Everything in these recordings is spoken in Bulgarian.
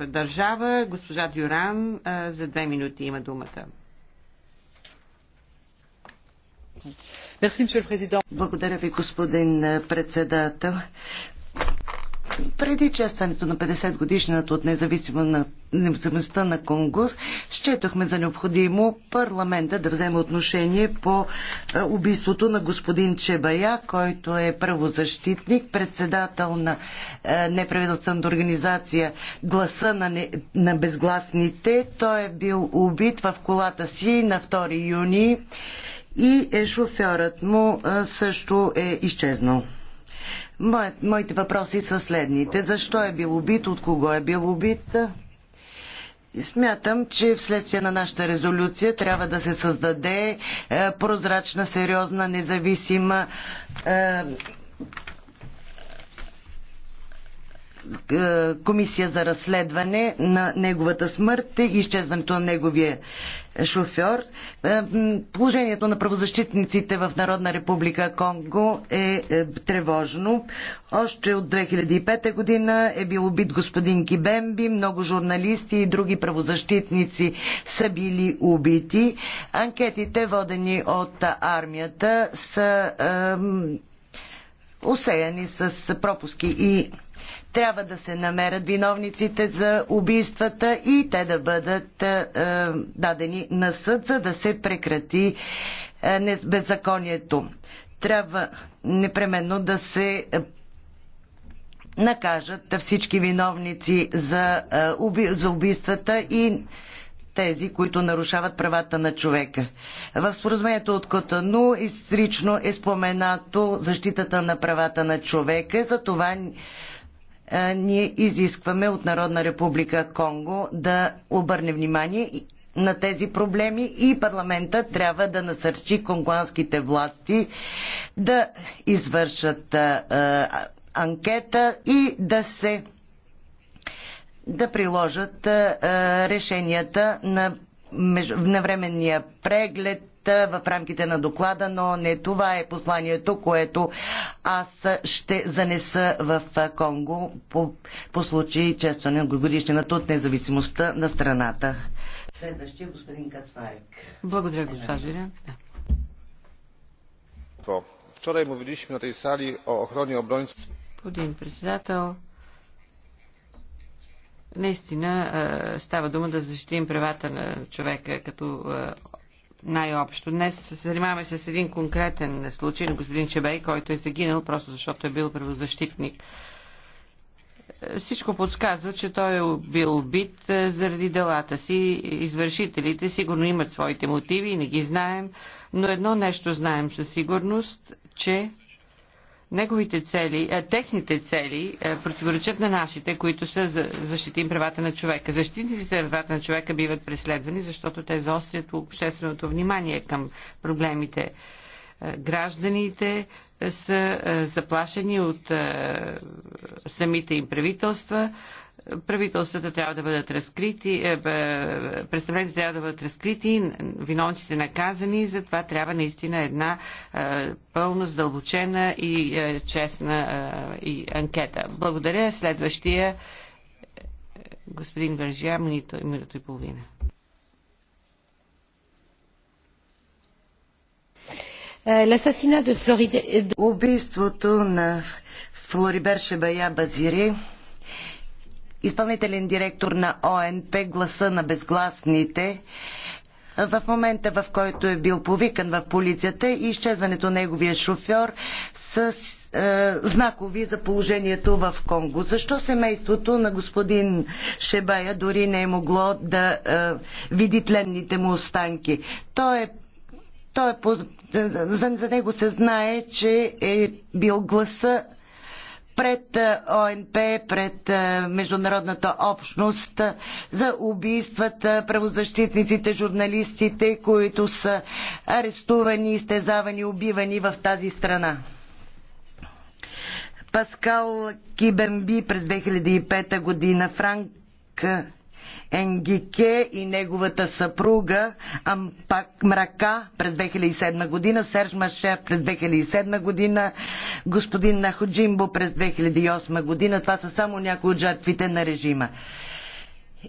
държава. Госпожа Дюран за две минути има думата. Благодаря ви, господин председател. Преди честването на 50 годишната от независимостта на Конгус, счетохме за необходимо парламента да вземе отношение по е, убийството на господин Чебая, който е правозащитник, председател на е, неправителствената организация Гласа на, не... на безгласните. Той е бил убит в колата си на 2 юни и е, шофьорът му също е изчезнал моите въпроси са следните. Защо е бил убит? От кого е бил убит? Смятам, че вследствие на нашата резолюция трябва да се създаде е, прозрачна, сериозна, независима е, е, комисия за разследване на неговата смърт и изчезването на неговия шофьор. Е, положението на правозащитниците в Народна република Конго е, е тревожно. Още от 2005 година е бил убит господин Кибемби, много журналисти и други правозащитници са били убити. Анкетите, водени от армията, са усеяни с пропуски и трябва да се намерят виновниците за убийствата и те да бъдат е, дадени на съд, за да се прекрати е, беззаконието. Трябва непременно да се е, накажат всички виновници за, е, уби, за убийствата и тези, които нарушават правата на човека. В споразумението от Котану изрично е споменато защитата на правата на човека, за това ние изискваме от Народна република Конго да обърне внимание на тези проблеми и парламента трябва да насърчи конгуанските власти да извършат а, а, анкета и да се да приложат а, решенията на на временния преглед в рамките на доклада, но не това е посланието, което аз ще занеса в Конго по, по случай честване на годишнината от независимостта на страната. Следващия е господин Кацварик. Благодаря, госпожо Вчера Wczoraj mówiliśmy на tej сали о охрани obrońców. Господин председател, наистина става дума да защитим правата на човека като най-общо. Днес се занимаваме с един конкретен случай на господин Чебей, който е загинал просто защото е бил правозащитник. Всичко подсказва, че той е бил убит е, заради делата си. Извършителите сигурно имат своите мотиви, не ги знаем, но едно нещо знаем със сигурност, че неговите цели, а, е, техните цели а, е, противоречат на нашите, които са за защитим правата на човека. Защитниците на правата на човека биват преследвани, защото те заострят общественото внимание към проблемите е, гражданите е, са е, заплашени от самите им правителства. Правителствата трябва да бъдат разкрити, представлените трябва да бъдат разкрити, виновниците наказани, затова трябва наистина една пълно задълбочена и честна и анкета. Благодаря. Следващия господин Вържия, минуто и половина. Е, е, Убийството на Флорибер Шебая Базири, изпълнителен директор на ОНП Гласа на безгласните, в момента в който е бил повикан в полицията и изчезването на неговия шофьор с е, знакови за положението в Конго. Защо семейството на господин Шебая дори не е могло да е, види тленните му останки? Той е той е, за, за него се знае, че е бил гласа пред е, ОНП, пред е, международната общност за убийствата, правозащитниците, журналистите, които са арестувани, изтезавани, убивани в тази страна. Паскал Кибемби през 2005 година, Франк Енгике и неговата съпруга Ампак Мрака през 2007 година, Серж Машер през 2007 година, господин Находжимбо през 2008 година. Това са само някои от жертвите на режима.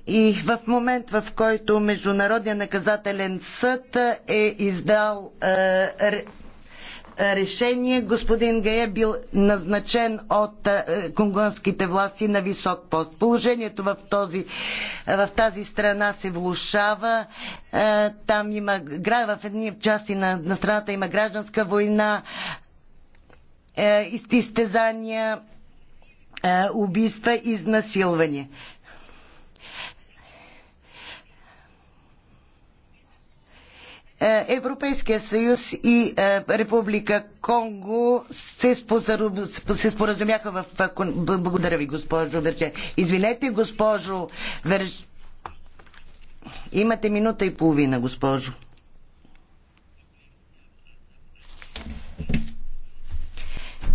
И в момент, в който Международният наказателен съд е издал е, решение господин Гая бил назначен от е, конгонските власти на висок пост. Положението в, този, в тази страна се влушава. Е, там има, в едни части на, на страната има гражданска война, е, изтезания, убийства, изнасилвания. Е, Европейския съюз и е, Република Конго се, споразумяха в... Благодаря ви, госпожо Верже. Извинете, госпожо Верже. Имате минута и половина, госпожо.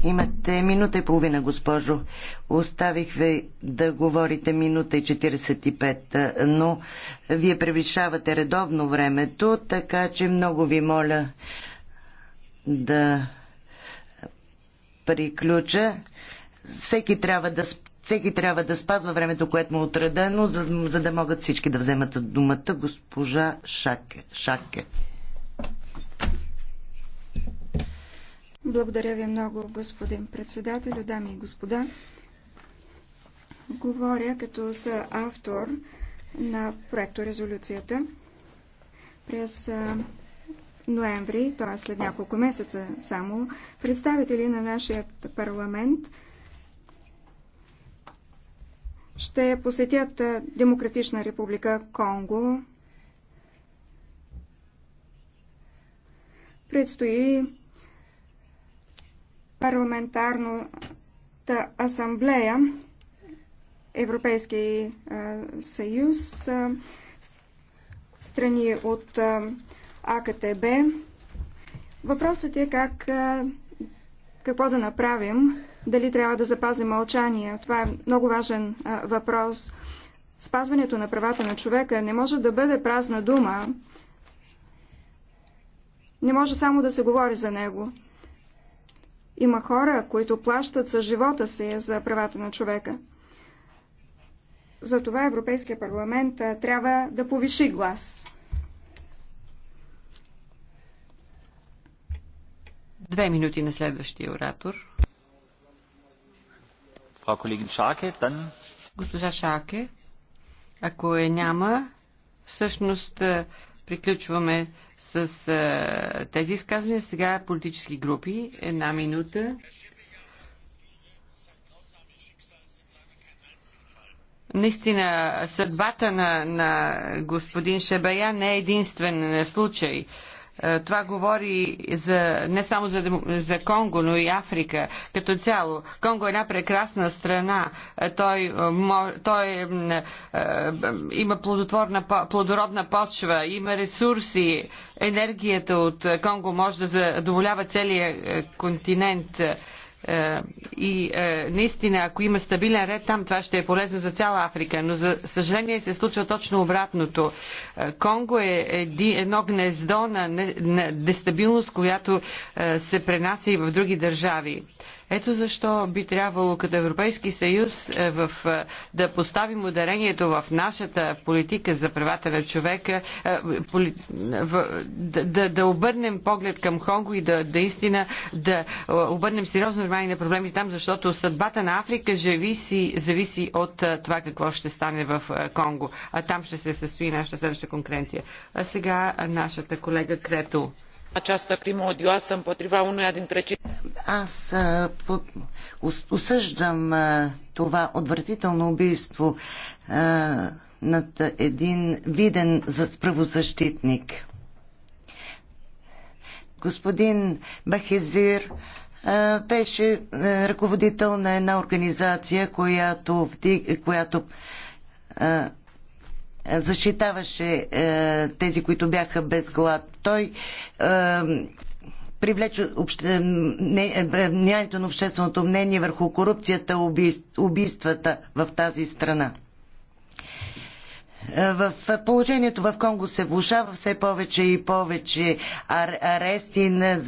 Имате минута и половина, госпожо. Оставих ви да говорите минута и 45, но вие превишавате редовно времето, така че много ви моля да приключа. Всеки трябва да, всеки трябва да спазва времето, което му е отредено, за, за да могат всички да вземат думата. Госпожа Шаке. Шаке. Благодаря ви много, господин председател, дами и господа. Говоря като са автор на проекто резолюцията. През ноември, т.е. след няколко месеца само, представители на нашия парламент ще посетят Демократична република Конго. Предстои парламентарната асамблея Европейски съюз, страни от АКТБ. Въпросът е как, какво да направим, дали трябва да запазим мълчание. Това е много важен въпрос. Спазването на правата на човека не може да бъде празна дума. Не може само да се говори за него. Има хора, които плащат с живота си за правата на човека. Затова Европейския парламент трябва да повиши глас. Две минути на следващия оратор. Фрау колегин Шаке, Госпожа Шаке, ако е няма, всъщност Приключваме с а, тези изказвания. Сега политически групи. Една минута. Наистина, съдбата на, на господин Шебая не е единствен случай. А, е, това говори за, не само за, за Конго, но и Африка като цяло. Конго е една прекрасна страна. Е, той, е, той има плодотворна, плодородна почва, има ресурси. Енергията от Конго може да задоволява целия континент. Е, и е, наистина, ако има стабилен ред там, това ще е полезно за цяла Африка. Но за съжаление се случва точно обратното. Е, Конго е едно гнездо на дестабилност, която се пренася и в други държави. Ето защо би трябвало като Европейски съюз е, в, е, да поставим ударението в нашата политика за правата на човека, е, поли, в, да, да, да обърнем поглед към Хонго и да, да истина да обърнем сериозно внимание на проблемите там, защото съдбата на Африка зависи, зависи от това какво ще стане в Конго. А там ще се състои нашата следваща конкуренция. А сега нашата колега Крето această crimă odioasă împotriva unuia dintre cei... Аз осъждам това отвратително убийство над един виден правозащитник. Господин Бахезир беше ръководител на една организация, която, която защитаваше е, тези, които бяха без глад. Той е, привлече мнението е, на общественото мнение върху корупцията, убийств, убийствата в тази страна. Е, в положението в Конго се влушава все повече и повече арести на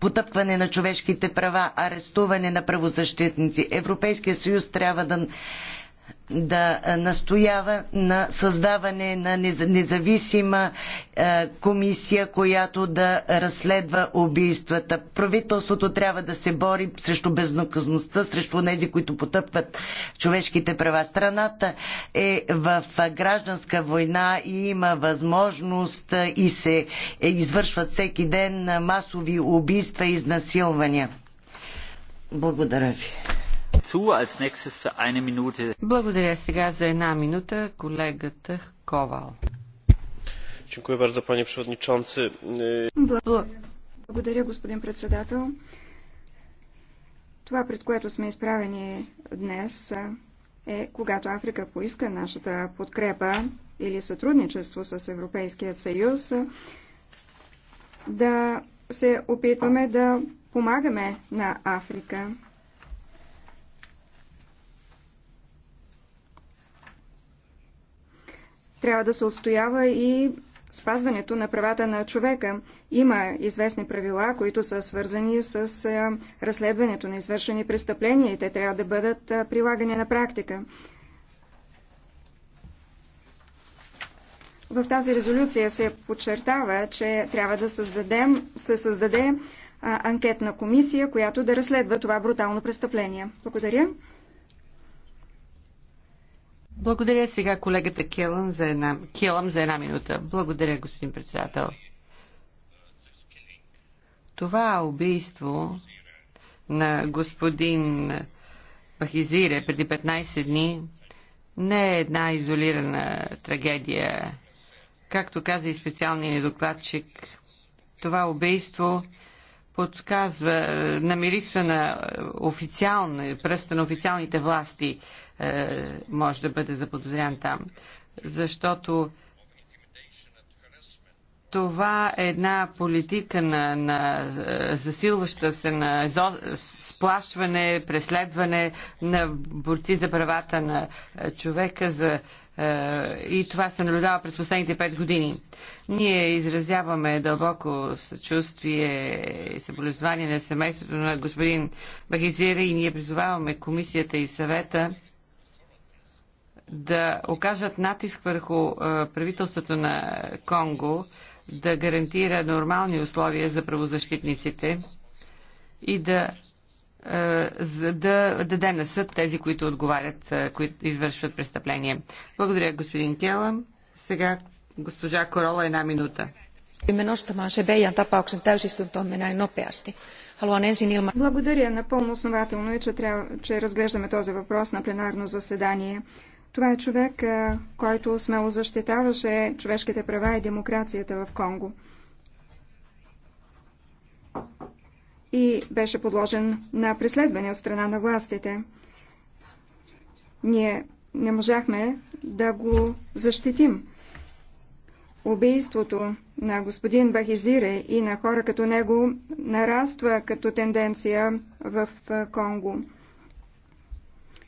потъпкване на човешките права, арестуване на правозащитници. Европейския съюз трябва да да настоява на създаване на независима е, комисия, която да разследва убийствата. Правителството трябва да се бори срещу безнаказаността, срещу тези, които потъпват човешките права. Страната е в гражданска война и има възможност е, и се е, извършват всеки ден масови убийства и изнасилвания. Благодаря ви. Благодаря сега за една минута колегата Ковал. Благодаря, господин председател. Това, пред което сме изправени днес, е когато Африка поиска нашата подкрепа или сътрудничество с Европейският съюз, да се опитваме да помагаме на Африка. Трябва да се отстоява и спазването на правата на човека. Има известни правила, които са свързани с е, разследването на извършени престъпления и те трябва да бъдат е, прилагани на практика. В тази резолюция се подчертава, че трябва да създадем, се създаде анкетна комисия, която да разследва това брутално престъпление. Благодаря. Благодаря сега колегата Келъм за една, Келъм за една минута. Благодаря, господин председател. Това убийство на господин Пахизире преди 15 дни не е една изолирана трагедия. Както каза и специалният докладчик, това убийство подсказва, е, намирисва на официални, пръста на официалните власти е, може да бъде заподозрян там. Защото това е една политика на, на е, засилваща се на зо, сплашване, преследване на борци за правата на е, човека за, е, и това се наблюдава през последните пет години. Ние изразяваме дълбоко съчувствие и съболезнование на семейството на господин Бахизира и ние призоваваме комисията и съвета да окажат натиск върху е, правителството на Конго, да гарантира нормални условия за правозащитниците и да, да, е, да даде на съд тези, които отговарят, е, които извършват престъпление. Благодаря, господин Келам. Сега госпожа Корола една минута. Благодаря. Напълно основателно е, че, трябва, че разглеждаме този въпрос на пленарно заседание. Това е човек, който смело защитаваше човешките права и демокрацията в Конго. И беше подложен на преследване от страна на властите. Ние не можахме да го защитим. Убийството на господин Бахизире и на хора като него нараства като тенденция в Конго.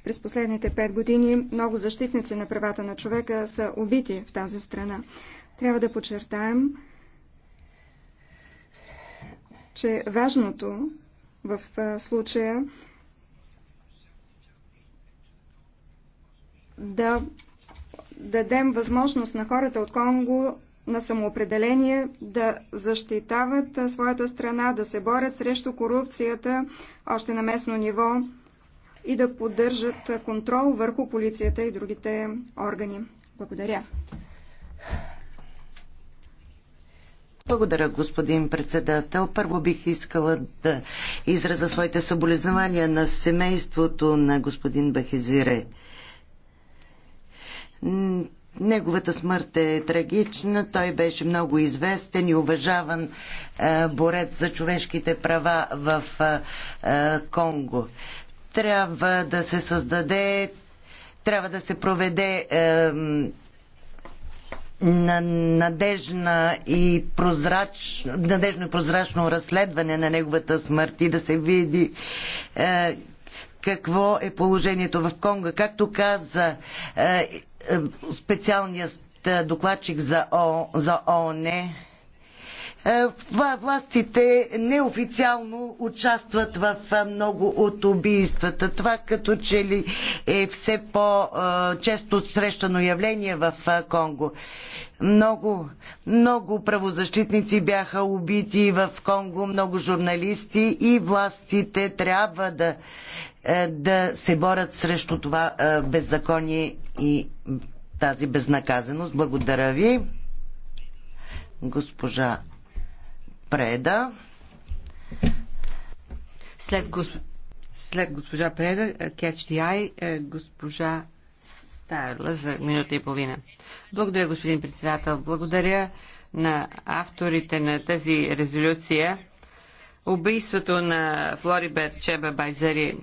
През последните пет години много защитници на правата на човека са убити в тази страна. Трябва да подчертаем, че важното в случая да дадем възможност на хората от Конго на самоопределение да защитават своята страна, да се борят срещу корупцията още на местно ниво и да поддържат контрол върху полицията и другите органи. Благодаря. Благодаря, господин председател. Първо бих искала да израза своите съболезнования на семейството на господин Бахезире. Неговата смърт е трагична. Той беше много известен и уважаван е, борец за човешките права в е, е, Конго трябва да се създаде, трябва да се проведе е, надежна и прозрач, надежно и прозрачно разследване на неговата смърт и да се види е, какво е положението в Конго. Както каза е, е специалният е, докладчик за, О, за ООН, е, властите неофициално участват в е, много от убийствата. Това като че ли е все по-често срещано явление в е, Конго. Много, много правозащитници бяха убити в Конго, много журналисти и властите трябва да, да се борят срещу това беззаконие и тази безнаказаност. Благодаря ви. Госпожа Преда. След, госп... След госпожа Преда, Кетч Диай, е, госпожа Старла за минута и половина. Благодаря, господин председател. Благодаря на авторите на тази резолюция. Убийството на Флориберт Чеба Байзари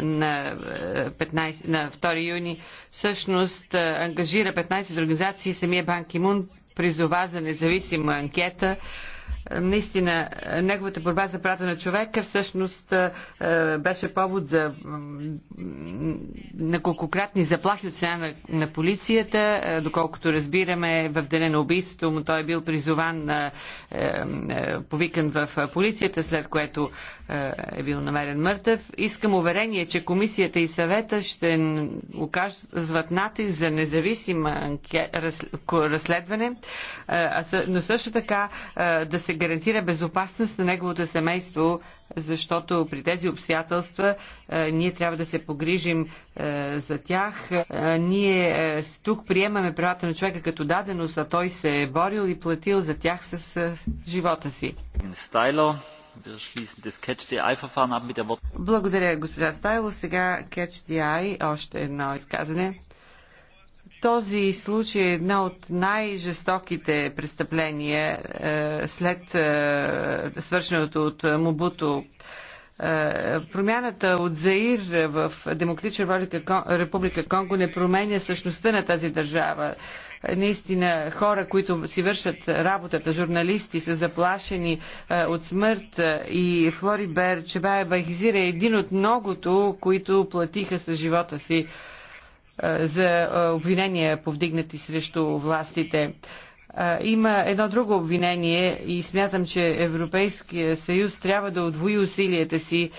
на, 15, на 2 е, юни всъщност е, ангажира 15 организации. Самия Банк Имун призова за независима анкета наистина неговата борба за правата на човека всъщност е, беше повод за неколкократни заплахи от страна на, на полицията. Е, доколкото разбираме, в деня на убийството му той е бил призован, е, повикан в полицията, след което е бил намерен мъртъв. Искам уверение, че комисията и съвета ще оказват натиск за независимо разследване, но също така да се гарантира безопасност на неговото семейство, защото при тези обстоятелства е, ние трябва да се погрижим е, за тях. Е, ние тук приемаме правата на човека като даденост, а той се е борил и платил за тях с живота си. Благодаря, госпожа Стайло. Сега Catch the Eye, още едно изказване. Този случай е една от най-жестоките престъпления е, след е, свършеното от Мобуто. Е, промяната от Заир в Демократична република Конго не променя същността на тази държава е, наистина хора, които си вършат работата, журналисти, са заплашени е, от смърт е, и Бер Чебаева Хизира е един от многото, които платиха с живота си е, за е, обвинения, повдигнати срещу властите. Е, има едно друго обвинение и смятам, че Европейския съюз трябва да отвои усилията си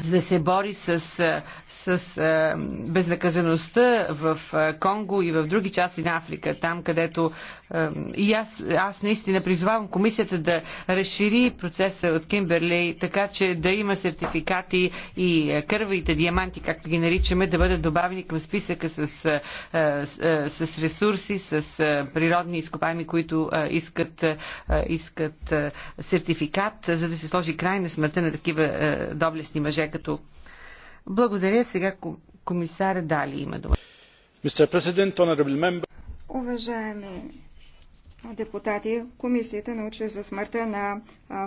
за да се бори с, с безнаказаността в Конго и в други части на Африка, там където и аз, аз наистина призовавам комисията да разшири процеса от Кимберлей, така че да има сертификати и кървите диаманти, както ги наричаме, да бъдат добавени към списъка с, с, с ресурси, с природни изкопаеми, които искат, искат сертификат, за да се сложи край на смъртта на такива доблестни мъже, като Благодаря. Сега комисар Дали има дума. Уважаеми депутати, комисията научи за смъртта на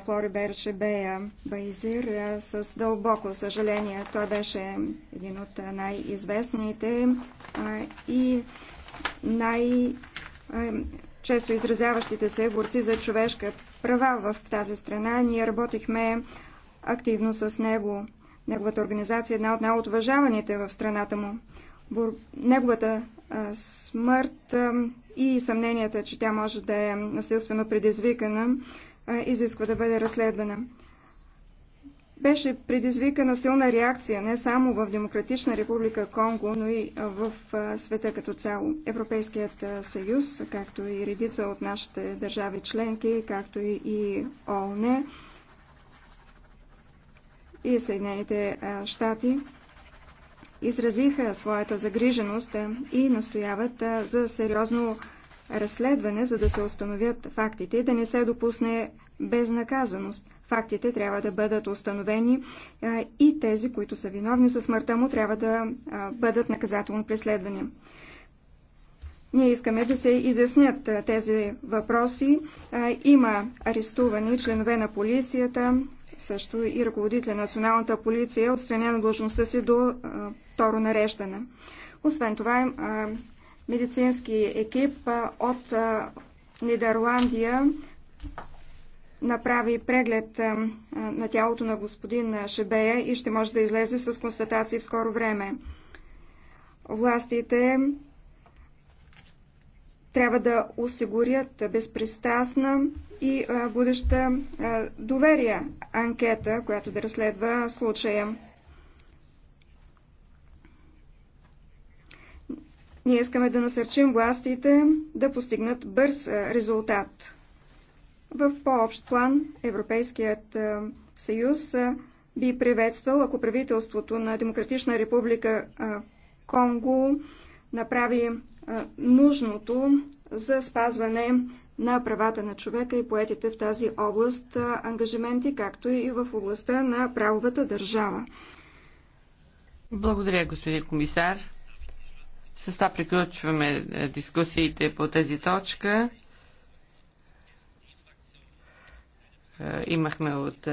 Флорибер Бея Байзир с дълбоко съжаление. Той беше един от най-известните и най- често изразяващите се борци за човешка права в тази страна. Ние работихме активно с него. Неговата организация е една от най-отважаваните в страната му. Неговата а, смърт а, и съмненията, че тя може да е насилствено предизвикана, а, изисква да бъде разследвана. Беше предизвикана силна реакция не само в Демократична република Конго, но и в света като цяло. Европейският съюз, както и редица от нашите държави членки, както и ООН, и Съединените щати изразиха своята загриженост и настояват за сериозно разследване, за да се установят фактите и да не се допусне безнаказаност. Фактите трябва да бъдат установени и тези, които са виновни за смъртта му, трябва да бъдат наказателно преследвани. Ние искаме да се изяснят тези въпроси. Има арестувани членове на полицията, също и ръководителя на националната полиция отстранена отстранен длъжността си до а, второ нареждане. Освен това, а, медицински екип а, от а, Нидерландия направи преглед а, на тялото на господин Шебея и ще може да излезе с констатации в скоро време. Властите трябва да осигурят безпристрастна и будеща доверие анкета, която да разследва случая. Ние искаме да насърчим властите да постигнат бърз резултат. В по-общ план Европейският съюз би приветствал, ако правителството на Демократична република Конго направи нужното за спазване на правата на човека и поетите в тази област ангажименти, както и в областта на правовата държава. Благодаря, господин комисар. С това приключваме дискусиите по тази точка. Имахме от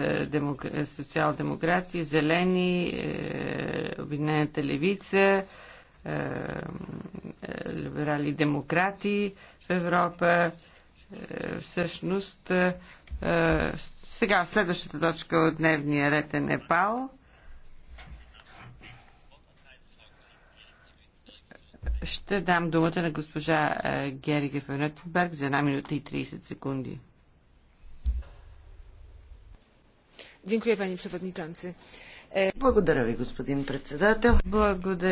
социал-демократи, зелени, е, обединената левица, е, е, либерали демократи в Европа. Е, всъщност, сега следващата точка от дневния ред е Непал. Ще дам думата на госпожа Гери Гефенетенберг за 1 минута и 30 секунди. E, Благодаря ви, господин председател. Благодаря.